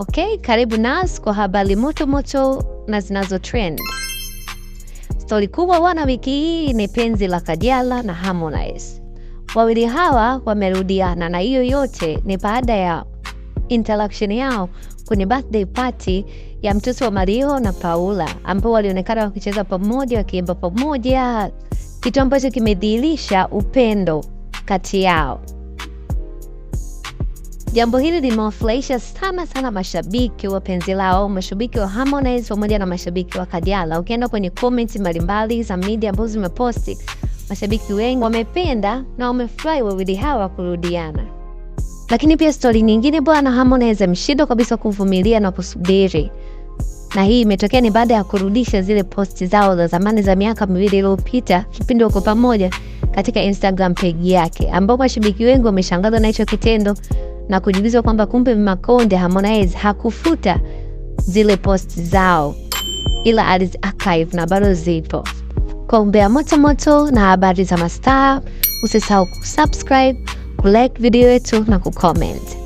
Okay, karibu nas kwa habari moto moto na zinazo trend. Stori kubwa wana wiki hii ni penzi la Kajala na Harmonize. Wawili hawa wamerudiana, na hiyo yote ni baada ya interaction yao kwenye birthday party ya mtoto wa Mario na Paula, ambao walionekana wakicheza pamoja, wakiimba pamoja, kitu ambacho kimedhihirisha upendo kati yao. Jambo hili limewafurahisha sana sana mashabiki wa penzi lao, mashabiki wa Harmonize pamoja na mashabiki wa Kajala. Ukienda kwenye comment mbalimbali za media ambazo zimeposti, mashabiki wengi wamependa na wamefurahi wawili hawa kurudiana. Lakini pia stori nyingine, bwana Harmonize ameshindwa kabisa kuvumilia na kusubiri, na hii imetokea ni baada ya kurudisha zile posti zao za zamani za miaka miwili iliyopita, kipindi wako pamoja, katika Instagram page yake, ambapo mashabiki wengi wameshangazwa na hicho kitendo na kujiuliza kwamba kumbe Makonde Harmonize hakufuta zile post zao, ila alizi archive na bado zipo. Kwa umbea moto moto na habari za mastaa, usisahau kusubscribe, kulike video yetu na kucomment.